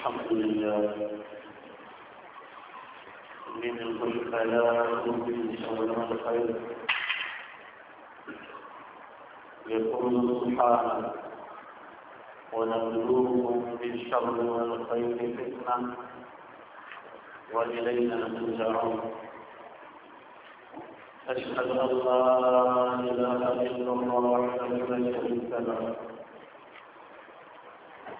الحمد لله من الخلفاء من شر الخير يقول سبحانه ونبلوكم بالشر والخير فتنا والينا ترجعون أشهد أن لا إله إلا الله وحده لا شريك له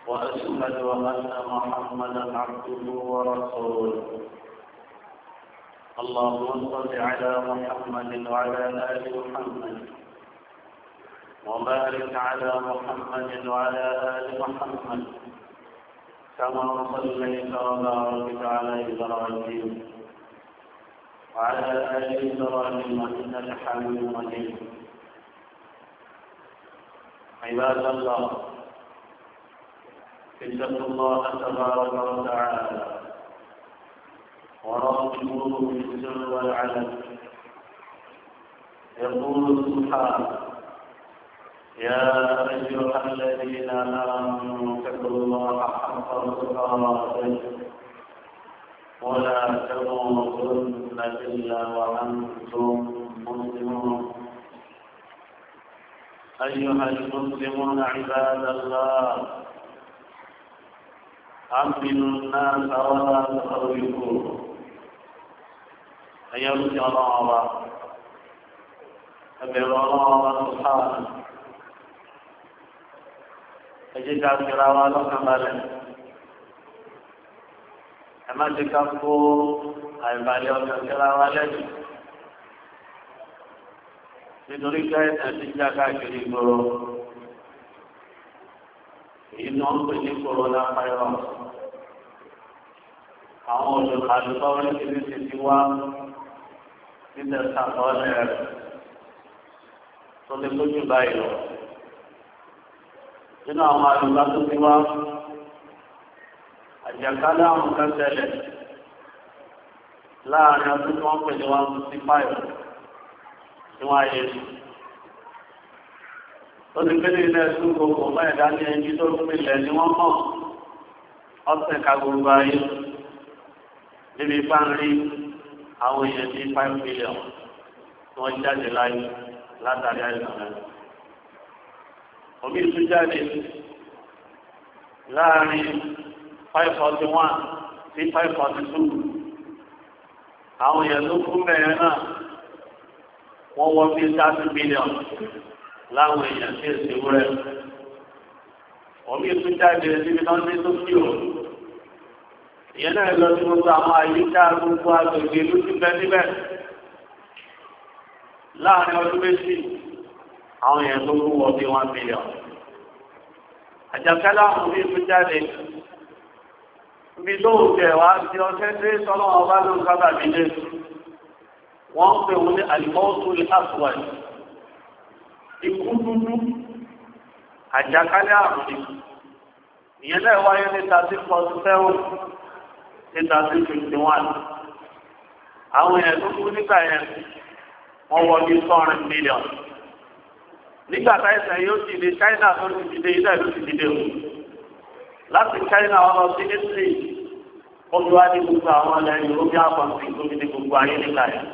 وأشهد أن محمدا عبده ورسوله اللهم صل على محمد وعلى آل محمد وبارك على محمد وعلى آل محمد كما صليت وباركت على إبراهيم وعلى آل إبراهيم إنك حميد مجيد عباد الله اتقوا الله تبارك وتعالى وراقبوه في السر والعلن يقول سبحانه يا ايها الذين امنوا اتقوا الله حق تقاته ولا تموتن الا وانتم مسلمون ايها المسلمون عباد الله àmìnú náà sáwọn àwọn ìkó ẹ̀yẹ olùsí ọlọ́run ọba ẹbẹ̀rẹ̀ ọlọ́run ọba tó sáwọn ẹjẹ́ ká fira wa lọ́kàn balẹ̀ ẹ má ti ká kó àìbalẹ̀ ọkàn fira wa lẹ́yìn nítorí pé ẹ̀sìn jà káàkiri gbòòrò ní wọ́n pè ní corona virus. Àwọn òṣèlú àdúgbò oríṣiríṣi ti wá nílẹ̀ sàkọọ́lẹ̀ rẹ̀ tó lè lójú báyìí lọ. Nínú àwọn àdúgbò tó ti wá, àjàkálẹ̀ àrùn kan tẹ̀lẹ̀ láàárín ọdún tí wọ́n pè ní one fifty five tí ó ti pélé ilé ẹ̀sùn gbogbo bá ẹ̀dá ní ẹni tó fún ilẹ̀ ni wọ́n mọ̀ ọ̀sẹ̀ ká gbogbo ayé níbi ipá ń rí àwọn èèyàn ní five million tí wọ́n jáde láyé látàrí àìsàn rẹ̀. òbí tún jáde láàrin five sí five àwọn èèyàn ló kú mẹ́rin náà wọ́n wọ́n bí thirty million láwọn èèyàn tí èsì wúrẹ́ omi tún jáde níbi tán ní tó kí o ìyẹn náà lọ sí gbogbo àwọn àyíká gbogbo agbègbè ló ti bẹ níbẹ̀ láàrin ọdún méjì àwọn èèyàn tó kú wọ bí one million àjàkálà àwọn omi tún jáde ibi lóòjẹ wa ti ọ̀sẹ̀ tí sọlọ ọba ló ń sábà bí dé wọn ń pè wọn ní àlùmọ́ọ́tò lè dúdú àjàkálẹ̀ àrùn ni ìyẹn náà wáyé ní thirty forty seven ní thirty àwọn èèyàn tó kú nígbà yẹn wọ́n bí nígbà táìsàn yóò ti di China tó ti di dé ilé ti di dé o láti China wọn lọ sí Italy ojú wa ní gbogbo àwọn ọ̀nà European country di gbogbo ayé nígbà yẹn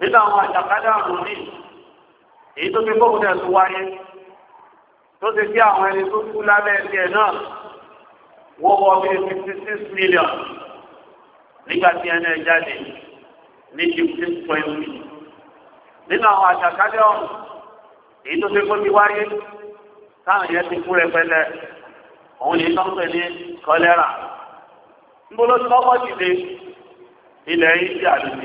nígbà àwọn àjàkálẹ̀ àrùn èyí tó fi gbógun tẹ̀ tó wáyé tó ti sí àwọn ẹni tó kú lábẹ́ ẹgbẹ́ náà wọ́n wọ́ bí fifty six million nígbà tí ẹni ẹ jáde ní fifteen nínú àwọn àjàkálẹ̀ ọ̀hún èyí tó fi gbógun wáyé táwọn yẹn ti kú rẹpẹlẹ òun ní sọ́ńpẹ̀ ní kọ́lẹ́rà ńgbọ́lọ́sí lọ́kọ́ dìde ilẹ̀ yìí ti àdùn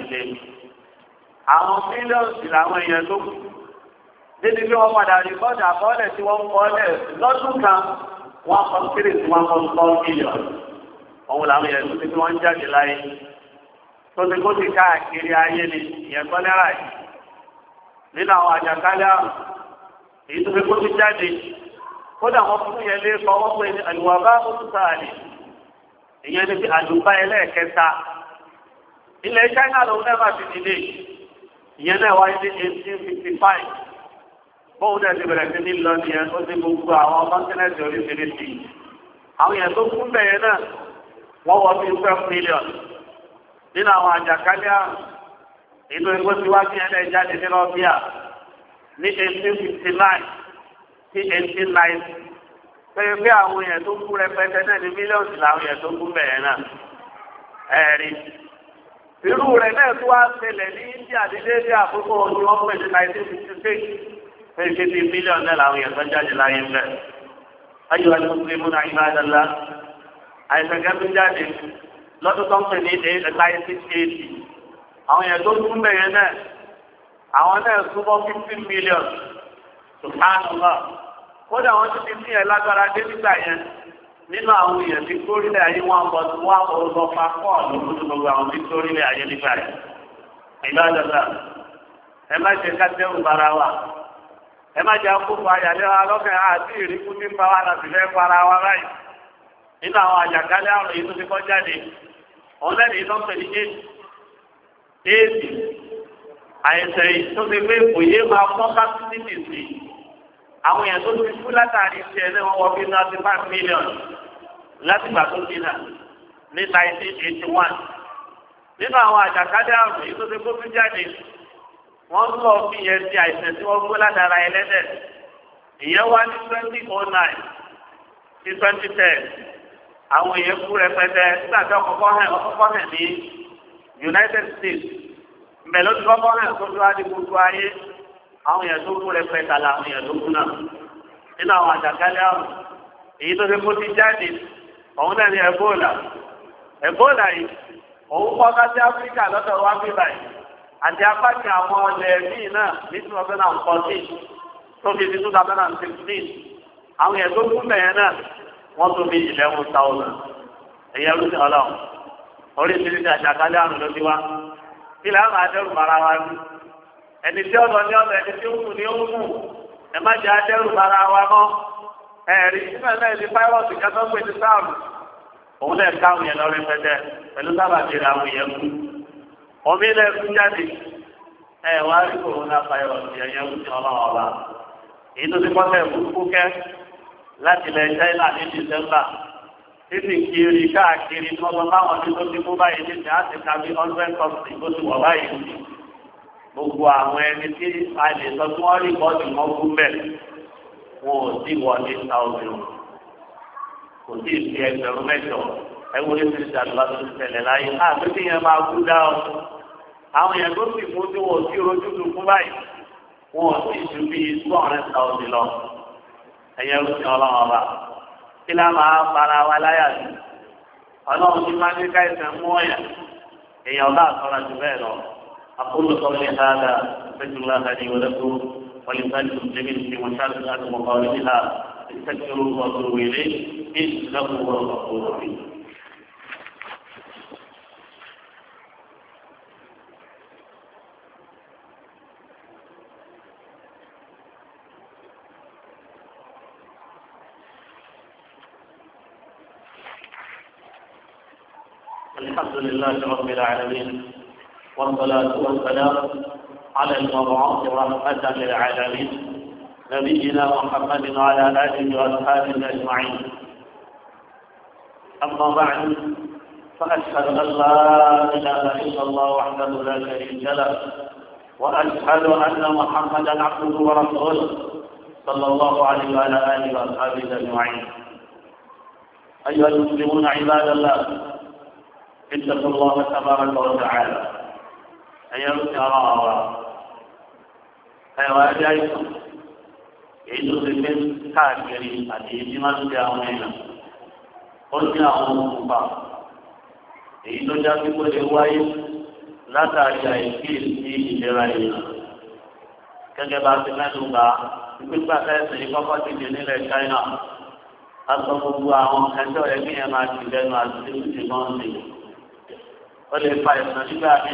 àwọn mílíọ̀nù làwọn èèyàn tó kù níbi bí wọ́n padà rí bọ́ọ̀dà bọ́ọ̀lẹ̀ tí wọ́n kọ́ọ̀lẹ̀ lọ́dún kan wọ́n kọ́ kiri tí wọ́n kọ́ sọ́ mílíọ̀n òun làwọn yẹn tó ti fi wọ́n jáde láyé tó ti kó ti káàkiri ayé ni ìyẹn kọ́lẹ́rà yìí nínú àwọn àjàkálẹ̀ àrùn èyí tó fi kó ti jáde kódà wọ́n fún yẹn lé kọ́ wọ́n pè ní àlùwàbá òtútààlì ìyẹn ti fi àlùbá ẹlẹ́ẹ̀kẹta ilẹ̀ China lòun náà má ti dìde ìyẹn náà wáyé ní eighteen fifty five bóun náà ti bẹ̀rẹ̀ sí ní lọ nìyẹn ó ti gbogbo àwọn kọ́ńtínẹ́ẹ̀tì oríṣiríṣi àwọn yẹn tó kún bẹ̀yẹn náà wọ́n wọ bíi twelve million nínú àwọn àjàkálẹ̀ àrùn inú igbó tí wá sí ẹlẹ́ jáde ní lọ́bíà ní eighteen nine sí eighteen ninety pé pé àwọn yẹn tó kú rẹpẹtẹ náà ní mílíọ̀nù làwọn yẹn tó kú bẹ̀yẹn náà ẹ̀rí irú rẹ̀ náà tó wá ṣẹlẹ̀ ní fẹ́ẹ́fẹ́ bíi mílíọ̀nù náà làwọn èèyàn tó jáde láyé ń bẹ̀. ayé wa ni mo fi múna ìmọ̀ àdàlá àìsàn kan tó jáde lọ́dún tó ń pè ní ẹ̀ẹ́dáyé sixty eight àwọn èèyàn tó tún bẹ̀rẹ̀ náà àwọn náà súnmọ́ fifteen million subhanallah kódà wọn ti fi sí ẹ lágbára dé nígbà yẹn nínú àwọn èèyàn tí kórìlẹ̀ ayé wọn bọ̀ tí wọ́n bọ̀ lọ fa kọ́ọ̀lù lójú gbogbo àwọn tí kórìlẹ̀ ayé nígbà yẹn ìlú àdàlá ẹ má ṣe ká ẹ má jẹ́ akókò ayàlẹ́wà lọ́kàn àti ìrìkú tí ń bá wa láti fẹ́ fara wa báyìí nínú àwọn àjàkálẹ̀ àrùn yìí tó ti kọ́ jáde òun lẹ́nu yìí tó ń pèlú yé éèdì àìsàn yìí tó ti pé kò yé máa kọ́ bá títí nìsí àwọn èèyàn tó ti kú látàrí tiẹ̀ náà wọ́n wọ náà ti five million láti gbà tó ti nà ní nineteen nínú àwọn àjàkálẹ̀ àrùn yìí tó ti kó tún jáde wọ́n lọ fi yẹn ti àìsàn tí wọ́n gbé ládàra ẹlẹ́dẹ̀ ìyẹn wá ní twenty oh nine sí twenty ten àwọn èèyàn kú rẹpẹtẹ nígbàtí ọkọ̀kọ́ hàn ọkọ̀kọ́ hàn ní United States mbẹ̀lẹ́ tí kọ́kọ́ hàn tó dúró adé gbogbo ayé àwọn èèyàn tó kú rẹpẹtẹ là àwọn èèyàn tó kú náà nínú àwọn àjàkálẹ̀ àrùn èyí tó ṣe kó ti jáde òun náà ní Ebola Ebola yìí òun kọ́ ká sí Áfíríkà lọ́dọ̀ wá bí báyìí. àti apáṣẹ àwọn ọlẹ̀ míì náà ní two thousand and fourteen tó fi di two thousand and sixteen àwọn yẹn tó kún bẹ̀yẹn náà wọ́n tún fi eleven thousand ẹ̀yẹ ló ti ọlọ́run oríṣiríṣi àṣàkálẹ̀ àrùn ló ti wá àwọn adẹ́rù bára wa ẹni tí ẹni tí ó kù ó kù ẹ má adẹ́rù bára wa mọ́ ẹ̀rí náà ọmọ ilẹ̀ ẹ̀kú jáde ẹ̀ wá rí kòrónà fáyọ̀sì ẹ̀yẹ ń sìn ọlọ́run ọba èyí tó ti kọ́sẹ̀ burúkú kẹ́ láti ilẹ̀ China ní December títí kiri káàkiri tí wọ́n báwọn tí tó ti mú báyìí ní ìsìn àti tàbí hundred thousand tó ti wọ̀ báyìí gbogbo àwọn ẹni tí a lè sọ tí wọ́n rí bọ́ọ̀dù wọn kú bẹ́ẹ̀ wọn ò sí wọlé thousand kò sí ìfi ẹgbẹ̀rún mẹ́jọ ẹwọ yóò ti dàgbà tó ṣẹlẹ̀ láyé àti tí yẹn máa kú dá ọ àwọn yẹn tó sì mú tí wọn sí rojú tó kú báyìí wọn sì ju bí two hundred thousand lọ ẹyẹ rúbin Ọlọ́run ọba kí lá máa fara wa láyà sí Ọlọ́run ní máa ní káyọsẹ mú ọyà èèyàn bá àtọrọ jù bẹ́ẹ̀ lọ akóló sọ fún ẹ̀ka àdá fẹjúlá àdé wọlé ní wọn tó láti mọ kọ ọ̀rẹ́ níta ní ìṣẹjú لله رب العالمين والصلاة والسلام على المبعوث رحمة للعالمين نبينا محمد وعلى آله وأصحابه أجمعين أما بعد فأشهد أن لا إله إلا الله وحده لا شريك له وأشهد أن محمدا عبده ورسوله صلى الله عليه وعلى آله وأصحابه أجمعين أيها المسلمون عباد الله اتقوا الله تبارك وتعالى أن يرجع الله ẹwà ẹdí àìsàn èyí tó ti gbé káàkiri àti èyí tí máa ń ṣe àwọn èèyàn ó ní àwọn òkùnfà èyí tó já sí pé lè wáyé látàrí àìsí sí ìlera èèyàn gẹ́gẹ́ bá ti mẹ́nu bá pípa ẹsẹ̀ yìí kọ́kọ́ ti di nílẹ̀ China a sọ gbogbo àwọn ẹjọ́ ẹgbẹ́ yẹn máa ti lẹ́nu àti tí ó ti mọ́ sí i ó lè fa ìsàn nígbà mi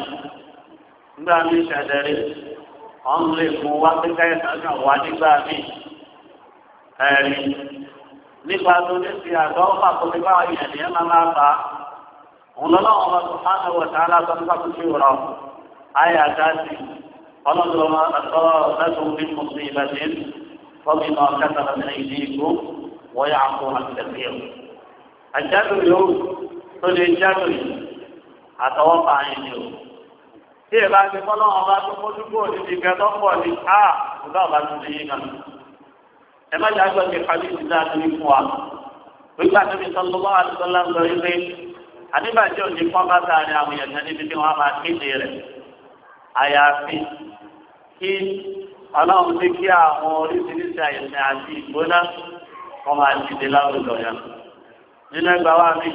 nígbà mi ṣẹ̀dẹ̀rẹ̀ wọ́n lè mú wá pípa ìsàn náà wá nígbà mi ẹ̀rí nípa tó ní ti àgọ́ pàkóso báwa yẹn ni ẹ máa máa bá òun lọ́nà ọmọ sùpánù wọ̀tá alábọ́n bá kú sí rọ̀ ayé àdáàtì ọlọ́dún ọmọ ẹ̀kọ́ lẹ́tọ̀ọ́ bí mo sì ìbàdí fọ́bí náà kẹtàlá ní ìdí ìgbó wọ́n yà á kó àtẹ̀lẹ́ o. àjálù yòówù tó lè jálù yìí àtọwọ́fà yẹn ni o tí ìbá ti kọ́ lọ́wọ́ bá tó mójú kó níbi ìgbà tó pọ̀ ní a kò bá bá tún léyìn kan ẹ má jẹ́ àgbẹ̀ mi kàlí ti dáa ní fún wa wípé àtẹ́mi sọ́lọ́wọ́ àtúntọ́lá ń lọ ilé àdébàjẹ́ òní pọ́n bá sáré àwọn èèyàn níbi tí wọ́n máa kéde rẹ̀ àyàfi kí ọlọ́run ti kí àwọn oríṣiríṣi àyẹ̀sìn àti ìgbóná wọ́n máa dìde láwùjọ yẹn nínú ẹgbàá wa mi.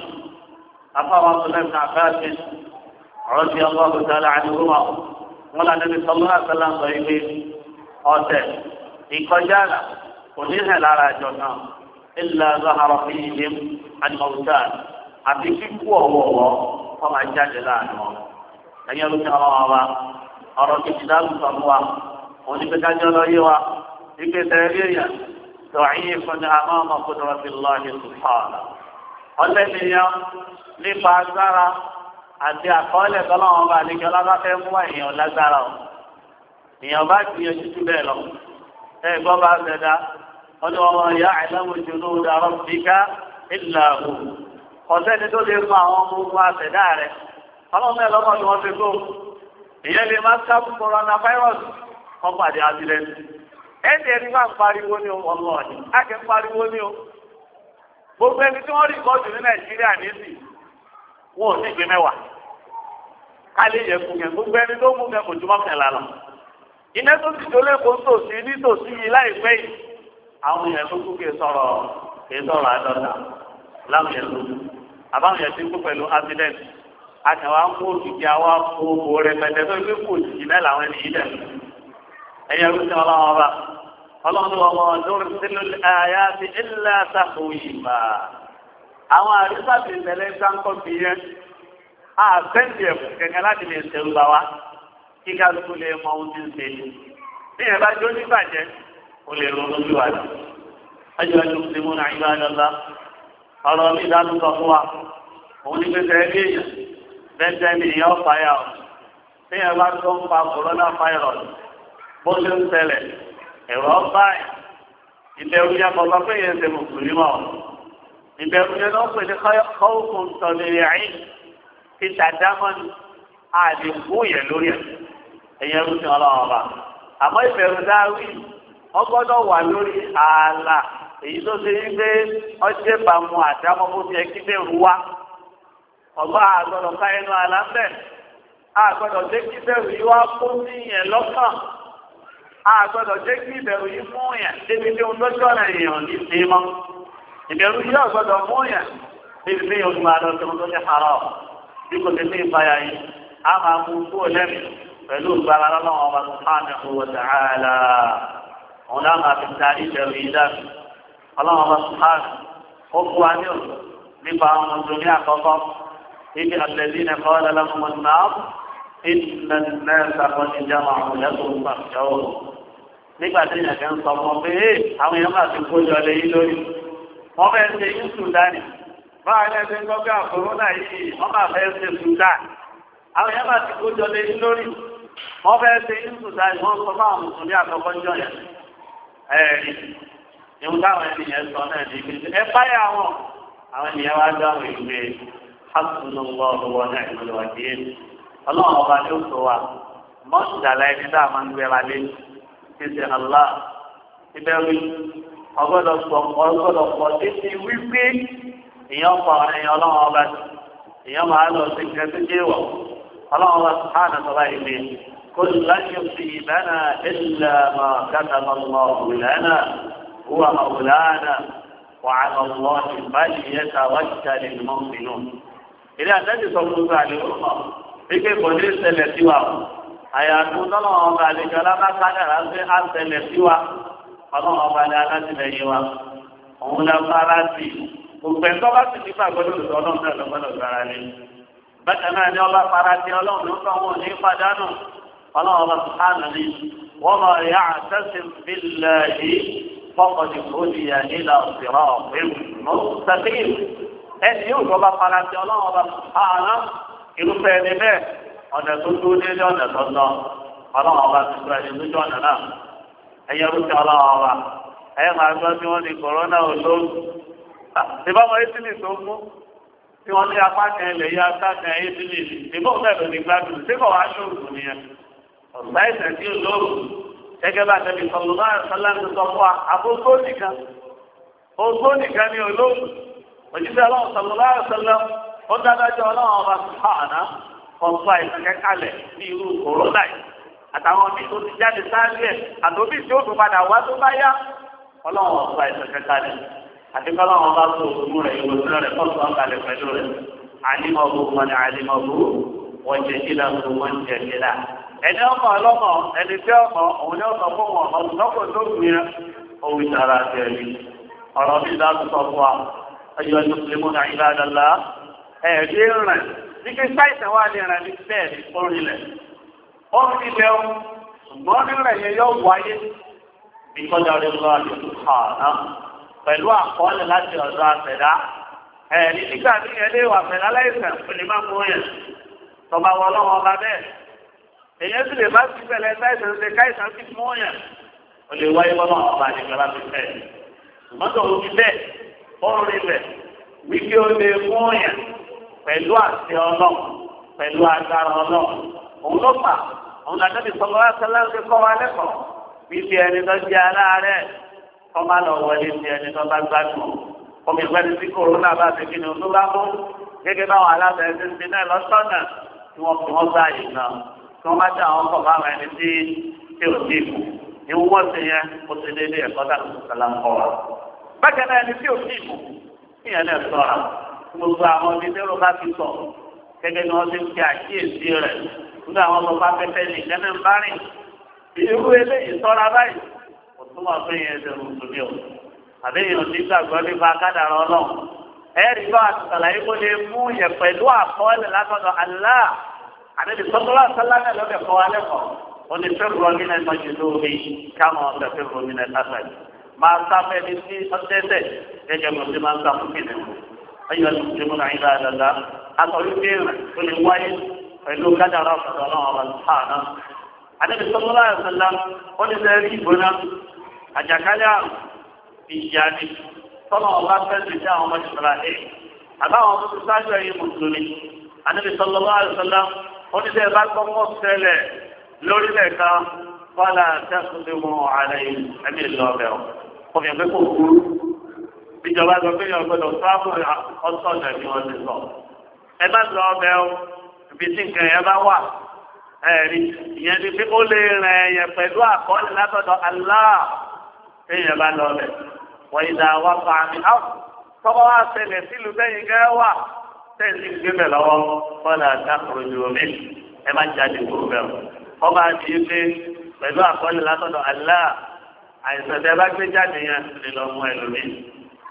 أخاه عبد الله بن عباس رضي الله تعالى عنهما ولا النبي صلى الله عليه وسلم صحيح قاتل إقجالا ونهى على جنة إلا ظهر فيهم الموتان أبيكي هو هو فما جاد لعنه أن يرد الله أرد كتاب الله ونبكى جلوه إكتابيا ضعيف أمام قدرة الله سبحانه ọlẹ́nìyàn nípa agbára àti àkọọ́lẹ̀ tọ́lọ́wọ́n bá àlejò mú èèyàn lágbára o èèyàn bá gbìyànjú jù bẹ́ẹ̀ lọ ẹ gbọ́ bá ṣẹ̀dá ya àìlẹ́wò jùlọ ìlà ọ̀sẹ́ni tó lè àwọn ọmọ ogun rẹ̀ ọlọ́run lọ́kọ̀ ni wọ́n fi kó ìyẹn lè má pàdé ẹ̀ máa ń pariwo ní o. gbogbo ẹni tí wọ́n rí kọ́ọ̀tù ní nàìjíríà nísì wọn ò sì gbé mẹ́wàá lè yẹ kú yẹn gbogbo ẹni tó mú yẹn kò jùmọ̀ kẹlà lọ. iná tó ti dolé kó tòsí nítòsí yìí láìpẹ́ yìí àwọn yẹn tó kú kì í sọ̀rọ̀ sọ̀rọ̀ àádọ́ta láwọn yẹn tó kú àbáwọn yẹn ti kú pẹ̀lú òkìkí àwọn akó òkò tó gbé ọlọ́run ọmọ ọdún sílùú àyà ti ilẹ̀ àtàkùn ìgbà àwọn àrísà ti tẹ̀lé sáńkọ́ fi yẹn àbẹ́ǹdì ẹ̀kọ́ kẹ̀kẹ́ láti lè ṣe ń gbà wá kí kálukú lè mọ ohun tí ń ṣe ní. bí ẹ bá jó ní bàjẹ́ o lè ronú bí wà lọ. ayọ̀ ẹni mùsùlùmí náà ìlú àdọ́lá ọ̀rọ̀ mi dánú sọ fún wa òun ní pẹ́sẹ́ ẹbí èèyàn bẹ́ẹ̀ ni ìyá ọ̀fáyà ọ̀ bí ẹ̀rọ ọba ìbẹ̀rù yẹn kọ̀ lọ́pẹ́ yẹn ṣe mùsùlùmí mọ́ ìbẹ̀rù yẹn lọ́pẹ́ ní kọ́ọ̀kùn tọ̀lẹ̀rẹ̀ àyìn ti tàdámọ́ni àdìkú yẹn lórí ẹ̀ ẹ̀yẹ rúṣin ọlọ́run ọba àmọ́ ìbẹ̀rù dáwì wọ́n gbọ́dọ̀ wà lórí ààlà èyí tó ṣe ń gbé ọjẹ́ bàmù àdámọ́ bó ti ẹkí bẹ̀rù wá ọba àgbọ̀dọ̀ ká àlá bẹ́ẹ̀ àgbọ̀dọ̀ àgbọ̀dọ̀ jẹ́ kí ìbẹ̀rù yìí mú yẹn débi tí ó lọ́jọ́ rẹ̀ èèyàn ní sí mọ́. ìbẹ̀rù yìí àgbọ̀dọ̀ mú yẹn débi tí yóò máa lọ sí ọdún ní àárọ̀ bí kò sí ní ìpayà yìí a máa mú kú lẹ́mí pẹ̀lú ìgbàlá lọ́wọ́ ọba subhanahu wa ta'ala òun náà máa fi darí ìbẹ̀rù yìí dàbí ọlọ́wọ́ ọba subhanahu ó kú wa ní òun nípa àwọn ọmọ إن الناس قد جمعوا لكم فاخشوهم ń sọ pé àwọn èèyàn máa ti kójọ lórí wọ́n fẹ́ ṣe yìí wọ́n máa fẹ́ ṣe àwọn èèyàn máa ti kójọ lórí wọ́n fẹ́ ṣe wọ́n sọ fún àwọn jọ yẹn ẹ̀ẹ́dì ìhun táwọn wọn àwọn ènìyàn wá ìgbé ọlọ́run ọba ni ó sọ wa mọ́ṣúdàlá ẹni tá a máa ń gbéra lé ti ṣe àlá ibẹ̀ wí ọgbọ́dọ̀ pọ̀ ọgbọ́dọ̀ pọ̀ títí wípé èèyàn pọ̀ ẹ̀yàn ọlọ́run ọba èèyàn máa lọ sí nǹkan tó dé wọ̀ ọlọ́run ọba sàánà sọ́ba ìlẹ̀ kó láyé fi ìbánà ẹ̀là máa kàtà lọ́wọ́ òwúlánà wúwa òwúlánà wàhálà ọ̀wọ́ ìbáyìí yẹta wájú ike kò ní ṣẹlẹ̀ sí wa o àyàtú tọ́lọ́wọ́n ọba àlejò alábàkádàrà ṣe á ṣẹlẹ̀ sí wa ọlọ́wọ́n ọba ní alátìlẹyìn wa òun la fara sí gbogbo ẹ̀tọ́ bá sì nípa gbọdọ̀ lọ́dọ̀ ọlọ́run náà lọ́gbọ́dọ̀ gbára lé bẹ́ẹ̀ náà ni ọba fara sí ọlọ́run ló tọ́ wọn ní padànù ọlọ́run ọba sùpánù ni wọ́n mọ ẹ̀yà àtẹ́sìn bílẹ̀ yìí fọ́kànlì kòlìyà nílà òsèrè ọ̀pẹ̀ mọ́ irúfẹ́ ẹni bẹ́ẹ̀ ọ̀nà tó dúró déédéé ọ̀nà tó lọ ọlọ́run ti sọ ẹni lójú ọ̀nà náà ẹ̀yẹ rúkẹ́ ọlọ́run ọba ẹ̀yẹ máa gbọ́ tí wọ́n ní kòrónà olóòrùn ìbámu ìsìlì tó mú tí wọ́n ní apá kan ilẹ̀ yá apá kan ní gbádùn tí kò nìyẹn tí gẹ́gẹ́ bá tẹ̀lé ó dájọ́ ọlọ́run ọba sùhánà ọ̀gbà ìkẹ́kálẹ̀ bí irú kòrónà yìí àtàwọn míì tó ti jáde sáájú ẹ̀ àtòbí tí ó tún padà wá tó bá yá ọlọ́run ọba ìkẹ́kálẹ̀ àti kọ́lọ́run ọba tó òkú rẹ̀ ìwòsàn rẹ̀ kọ́sọ̀ ọ̀kalẹ̀ pẹ̀lú rẹ̀ àlímọ̀bù mọ̀nà àlímọ̀bù wọ́n jẹ́ kílà wọ́n jẹ́ kílà ẹni ọmọ ọlọ́mọ ẹni tí ọmọ òun ni ọmọ fún wọn ọdún lọ́kọ̀ tó gbìyàn òun ìtara àti ẹ̀rí ọ̀rọ̀ mi láti sọ fún wa ẹ̀yọ́ ẹni tó lè múna ẹ̀ẹ́dẹ́ rìn nígbè sáìsàn wà lè rìn ní bẹ́ẹ̀ ní orílẹ̀ ó ń fi lẹ́ o ṣùgbọ́n rírẹ̀ yẹn yóò wáyé bí kọjá orí lọ́wọ́ àti ìhànà pẹ̀lú àkọọ́lẹ̀ láti ọ̀dọ̀ àfẹ̀dá ẹ̀ẹ́dì nígbà tí ẹ lé fẹ̀dá láìsàn kò lè má mú yẹn tọba wọ lọ́wọ́ ọba bẹ́ẹ̀ èyàn sì lè má sí pẹ̀lẹ́ sáìsàn ṣe káìsàn sí mú yẹn ó pẹ̀lú àṣẹ ọlọ́run pẹ̀lú agbára ọlọ́run òun ló fà òun làdé mi sọ lọ́wọ́ sẹ́lá ń fi kọ́ wa lẹ́kọ̀ọ́ bíbi ẹni tó jẹ́ aláàárẹ̀ kọ́ má lọ wọlé sí ẹni tó bá gbádùn omi ìgbẹ́ni tí kòrónà bá ti kí ni o tó bá mú gẹ́gẹ́ báwọn aláṣẹ ẹni ti náà lọ́sọ̀nà tí wọ́n fi wọ́n gbá yìí náà tí wọ́n bá dá àwọn ọkọ̀ bá wọn ẹni tí tí ò ní ìbò ni wọ́n ti yẹn ó ti dé ilé ẹ̀kọ́ dàgbà sọ̀lá kọ́ wa. bákan náà ẹni tí ò ní ìbò gbogbo àwọn ibi tẹ́rù bá ti sọ gẹ́gẹ́ ni wọ́n ti ń fi àkíyèsí rẹ̀ nígbà àwọn ọmọ bá pẹ́pẹ́ ní ìjẹ́nà ń bá rìn irú eléyìí sọ́ra báyìí kò tún wà fún yẹn ẹsẹ̀ mùsùlùmí o àbẹ́yẹn ò ní gbàgbọ́ nípa kádàrá ọlọ́run ẹ̀rí bá àtàlàyé kó lè mú yẹn pẹ̀lú àkọọ́lẹ̀ látọ̀dọ̀ àlá àdébí sọ́kọ́lá sálámà lọ́bẹ̀ kọ́ alẹ́ kọ́ ó ní fẹ́ rọmí náà mọ́jú lórí káwọn ọ̀sẹ̀ fẹ́ rọmí náà sáfẹ́ máa sáfẹ́ ní sí ọ̀sẹ̀ tẹ̀ gẹ́gẹ́ bó ti máa ń sáfún kìnìún ayé wàlú mùsùlùmí náà ìlà àdàlà àtọ̀rí fèrè tó lè wáyé pẹ̀lú kádàrà ọ̀sọ̀rọ̀ náà ọ̀rọ̀ sàánà. Adébí sọ́kúnlá àṣàlá ó ní lẹ́rí ìgbóná àjàkálẹ̀ àrùn ìyá ni tọ́nà ọba fẹ́ẹ́ sí àwọn ọmọ ìṣẹ̀lá ẹ̀. Àbáwọn tó ti sáájú ẹ̀yìn mùsùlùmí. Adébí sọ́kúnlá àṣàlá ó ní lẹ́rí bá kọ́kọ́ ṣẹlẹ̀ lórílẹ̀ kan fọ́lá tẹ́kùnlé mọ́ àlẹ́ ẹ̀mí ìlọ́ọ̀bẹ̀ ìjọba sọ pé yọ̀ọ́ gbọ́dọ̀ sáàbù ọ̀sọ̀nà ni wọ́n ti sọ. ẹ má sọ ọbẹ̀ o ibi tí nǹkan yẹn bá wà ẹ̀rí ìyẹn ti fi ó lè rìn ẹ̀yẹ pẹ̀lú àkọọ́lẹ̀ látọ̀dọ̀ aláà téèyàn bá lọ bẹ̀. wọ́n ìdá wa fa àmì áwù tọ́kọ́ wá ṣẹlẹ̀ sílùú bẹ́yìn gẹ́ wà tẹ̀sí gbẹ́bẹ̀ lọ́wọ́ kọ́lá dákùrù ju omi ẹ má jáde kúrò bẹ́ẹ̀ o. ọba àti ife pẹ̀lú àkọọ́lẹ̀ látọ̀dọ̀ aláà àìsàn tẹ bá gbé jáde yẹn lè lọ mú ẹlòmíì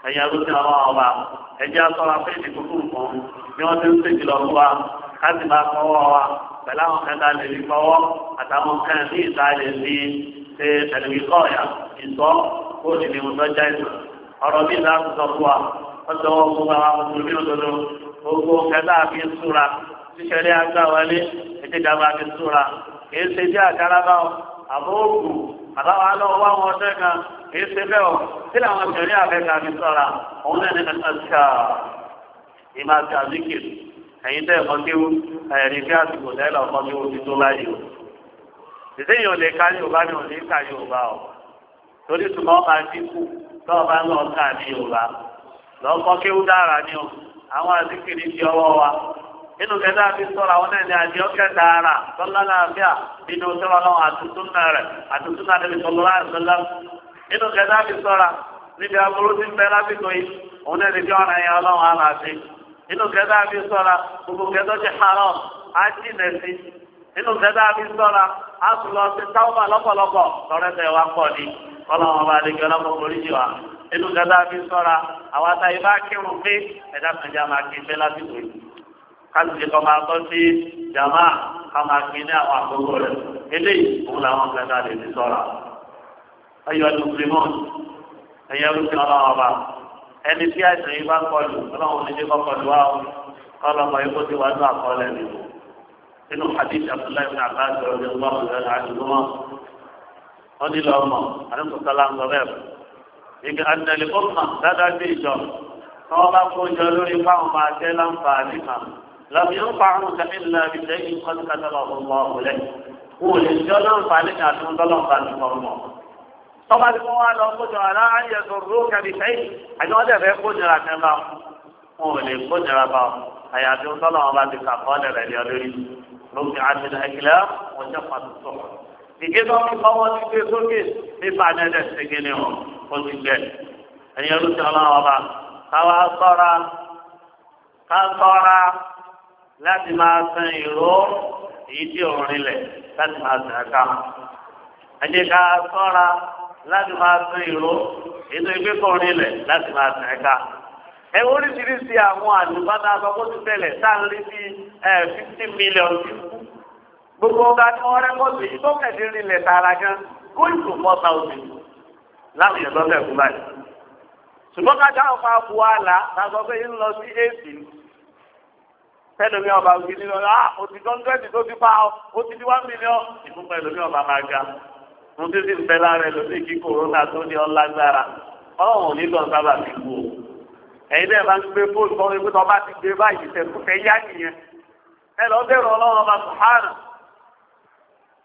ẹ̀yà ló ti àwọn ọba ẹ̀jẹ̀ asọ́ra fún èdè kúkú kan ni wọ́n ti ń ṣèjì lọ fún wa láti máa fọwọ́ wa pẹ̀lú àwọn kẹta lè fi fọwọ́ àtàwọn kan ní ìta lè fi ṣe ẹ̀lùmí kọ́ọ̀yà ìtọ́ kó o lè ní ìwòsàn já ìtàn ọ̀rọ̀ bí ìlà sọ fún wa wọ́n ti wọ́n fún wa mùsùlùmí òdodo gbogbo kẹta fi ń súra ṣíṣẹ́lẹ̀ agbá wọlé ètè ìjàmbá fi ń súra kì í ṣe kìí ṣe bẹ́ẹ̀ o kí làwọn ìṣẹ̀lẹ̀ àfẹ́ká mi sọ̀ra òun náà ní ẹ̀ka ìmọ̀ àti àzíkì ẹ̀yin tẹ́ ẹ̀kọ́ kéwú ẹ̀rí bí àsìkò tẹ́lẹ̀ ọkọ mi ò ti tó láyé o. ìṣe èèyàn lè Yorùbá ni Yorùbá o torí ọba lọ ká ní Yorùbá kéwú dára ni o àwọn ọwọ́ wa inú kẹta sọ̀rọ̀ àwọn inú kẹta ti sọ́ra níbi aburú ti ń bẹ lásìkò yìí òun náà ti fi yẹn ọlọ́run aláàfin inú kẹta ti sọ́ra gbogbo kẹta ti haram á jì inú kẹta ti sọ́ra á sùn táwọn lọ́pọ̀lọpọ̀ lọ́rẹ́sẹ̀ wa pọ̀ ni ọlọ́run ọba àdéjọ́ lọ́pọ̀ oríṣi wa inú kẹta àwọn kírun pé máa kí yìí kálukì máa tọ́ sí máa ní àwọn àkókò ayọ̀ lùsùlùmọ́n ẹ̀yẹ lùsùn ọlọ́run ọba ẹni tí àìsàn yìí bá kọlù ọlọ́run ní bí kọkọlù wa ó kọlọ́mọ yìí kó ti wá ní àkọọ́lẹ̀ mi wò nínú hadith abdullahi bin abbas ọ̀rọ̀ ní wọn kò lọ́la àdúgbò wọn ní lọ mọ àdúgbò sọlá ń lọ bẹ́ẹ̀ ìgbà àdìdàlẹ̀ kó mọ̀ dáadáa bí ìjọ tí wọ́n bá kó lórí fáwọn máa jẹ́ láǹfààní kan lọ́mọ yóò fa àrùn kan nínú lẹ́yìn kọ́ńtà lọ́wọ́ ọ̀hún lẹ́yìn wọ́n lè jọ láǹfààní kan àti tọ́ba tí wọ́n wá lọ kójọ àlá ayé sọ̀rọ̀ kẹ́mi sẹ́yìn àti wọ́n tẹ̀fẹ́ kójọra kan bá wọn ò lè kójọra bá wọn àyàfi ń tọ́lọ̀ wọn bá ti kà kọ́ lẹ̀rẹ̀ lé lórí lókè àti ẹ̀kílẹ̀ wọn jẹ́ pàtó sọ̀rọ̀. ìgbé tó ń fọwọ́ ti gbé sókè nípa nẹ́ẹ̀dẹ̀ ṣègbè ni wọn ó ti gbẹ ẹ̀yẹ ló ti ọlọ́wọ́ bá káwá sọ́ra ká sọ́ra láti máa san ìró èyí tí òun rinlẹ̀ láti máa sàn ká. ẹ láti máa sin ìró ètò ìgbé kan rinlẹ̀ láti máa sin ẹ̀ka. ẹ oríṣiríṣi àwọn àlùbádà àgbàgbọ́ ti tẹ̀lẹ̀ sáàrin sí fifty million ti kú. gbogbo ọba tí wọ́n rẹ́kọ̀tì yìí tó kẹ̀dé rinlẹ̀ tààrà gan going to four thousand láti ìyẹ̀dọ́fẹ̀ fún báyìí. ṣùgbọ́n kájà ọ̀pá buwa là láti ọgbẹ́ yìí ń lọ sí eighty ẹlòmí ọba ògidì lọ ah òtítọ́ ń tẹ́tì tó ti pa òtítí one million ìfúnpá ẹlòmí ọba máa ga tó ti sì ń bẹ lára ẹ lórí kí kòrónà tó ní ọlágbára ọlọ́run ò ní lọ sábà fi kú o ẹ̀yin náà bá ń gbé fóònù bọ́ ẹgbẹ́ tó bá ti gbé báyìí tẹ̀kú fẹ́ yá nìyẹn ẹ lọ bẹ̀rù ọlọ́run ọba sùhánà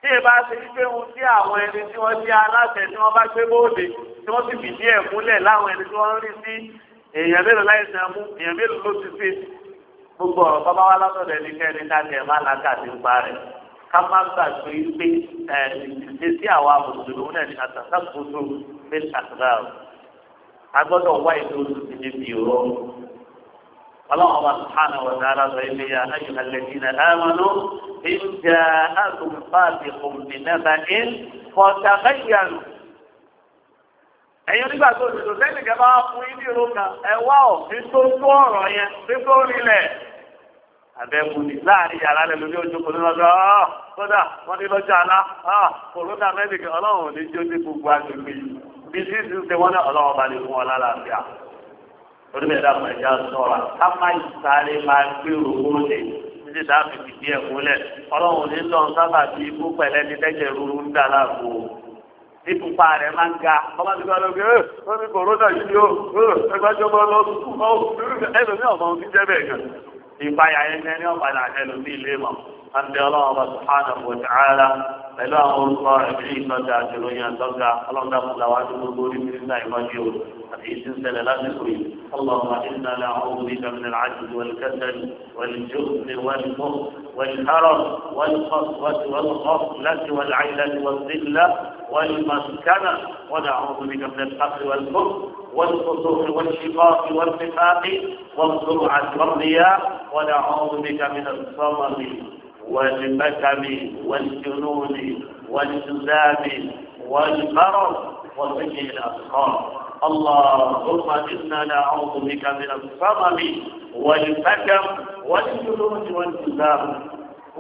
tí ẹ bá ṣe wípé ohun tí àwọn ẹni tí wọ́n jẹ́ aláṣẹ tí wọ́n bá gbé bóde tí wọ́n sì fìdí ẹ̀ múlẹ̀ láwọn ẹni tí wọ́n rí sí èèyàn mélòó láì sàn mú èèyàn mélòó ló ti fi gbogbo ọ̀rọ̀ ká má gbàgbé pé ẹ ṣe sí àwa mùsùlùmí náà ní àtàkùnso pé àtàkùnso a gbọ́dọ̀ wá ètò òṣùṣì níbi ìrọ الله سبحانه وتعالى قال يا أيها الذين آمنوا إن جاءكم فاسق بنبأ فتبينوا ẹ̀yin nígbà tó ti tò sẹ́nìkẹ́ bá fún yín ní ìró kan ọ̀ fi tó tó ọ̀rọ̀ yẹn fi tó rinlẹ̀ àbẹ̀mú ni láàrin yàrá lẹ́nu ní ojú kòló lọ́dọ̀ ọ́ kódà wọ́n ní lọ́jọ́ àná ọ́ kòlódà mẹ́rìndínlẹ́ ọlọ́run ní jó ní gbogbo agbègbè yìí bí sísè ṣe wọ́n ní ọlọ́run bá lè fún wọn lálàáfíà torí bẹ́ẹ̀ dáhùn ẹ̀já sọ̀ra ká má ìsáré máa gbé òwúrò lè títí dáa fi fìdí ẹ̀ múlẹ̀ ọlọ́run ní lọ sábà bí ikú pẹ̀lẹ́ ní tẹ́jẹ̀ rúru ń dà láàbò ìfúnpá rẹ̀ máa ń ga ọba ti gbọ́dọ̀ pé ó ní kòrónà yìí ó ẹgbẹ́jọba lọ sùkúl ẹlòmíràn ọmọ òfin jẹ́ bẹ́ẹ̀ gan ìpayà yẹn ní ọ̀padà ẹlòmí ilé mọ̀ àti ọlọ́run ọba sùhánà wòtàálà pẹ̀lú àwọn orúkọ rẹ̀ bí ìtọ́jà àjòrò yẹn lọ́gà ọlọ́dà fúnra wa ní gbogbo orí mínísítà ìwádìí o àti ìsìn ṣẹlẹ̀ lásìkò yìí ọlọ́run àdínà ní àwọn òbí gàmìnà àjòjì wọlé kẹsẹ̀lì wọlé jókòó wọlé mọ́ wọlé kárọ̀ wọlé kọ́sùwọ́sì wọlé kọ́sùlásì wọlé àyíláṣì wọlé sílá wọlé màsùkánà wọlé àwọn òbí gàmìnà àkàkì wọlé mọ́ والخطوط والشقاق والنفاق والسرعة والرياء ونعوذ بك من الصمم والبكم والجنون والجذام والمرض وسيء الأسقام اللهم إنا نعوذ بك من الصمم والبكم والجنون والجذام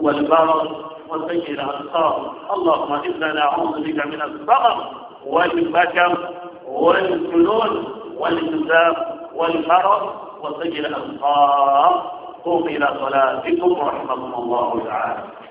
والمرض وسيء الأسقام اللهم إنا نعوذ بك من الصمم والبكم والجنون والجذام والمرض وسيء الأسقام قوموا إلى صلاتكم ورحمكم الله تعالى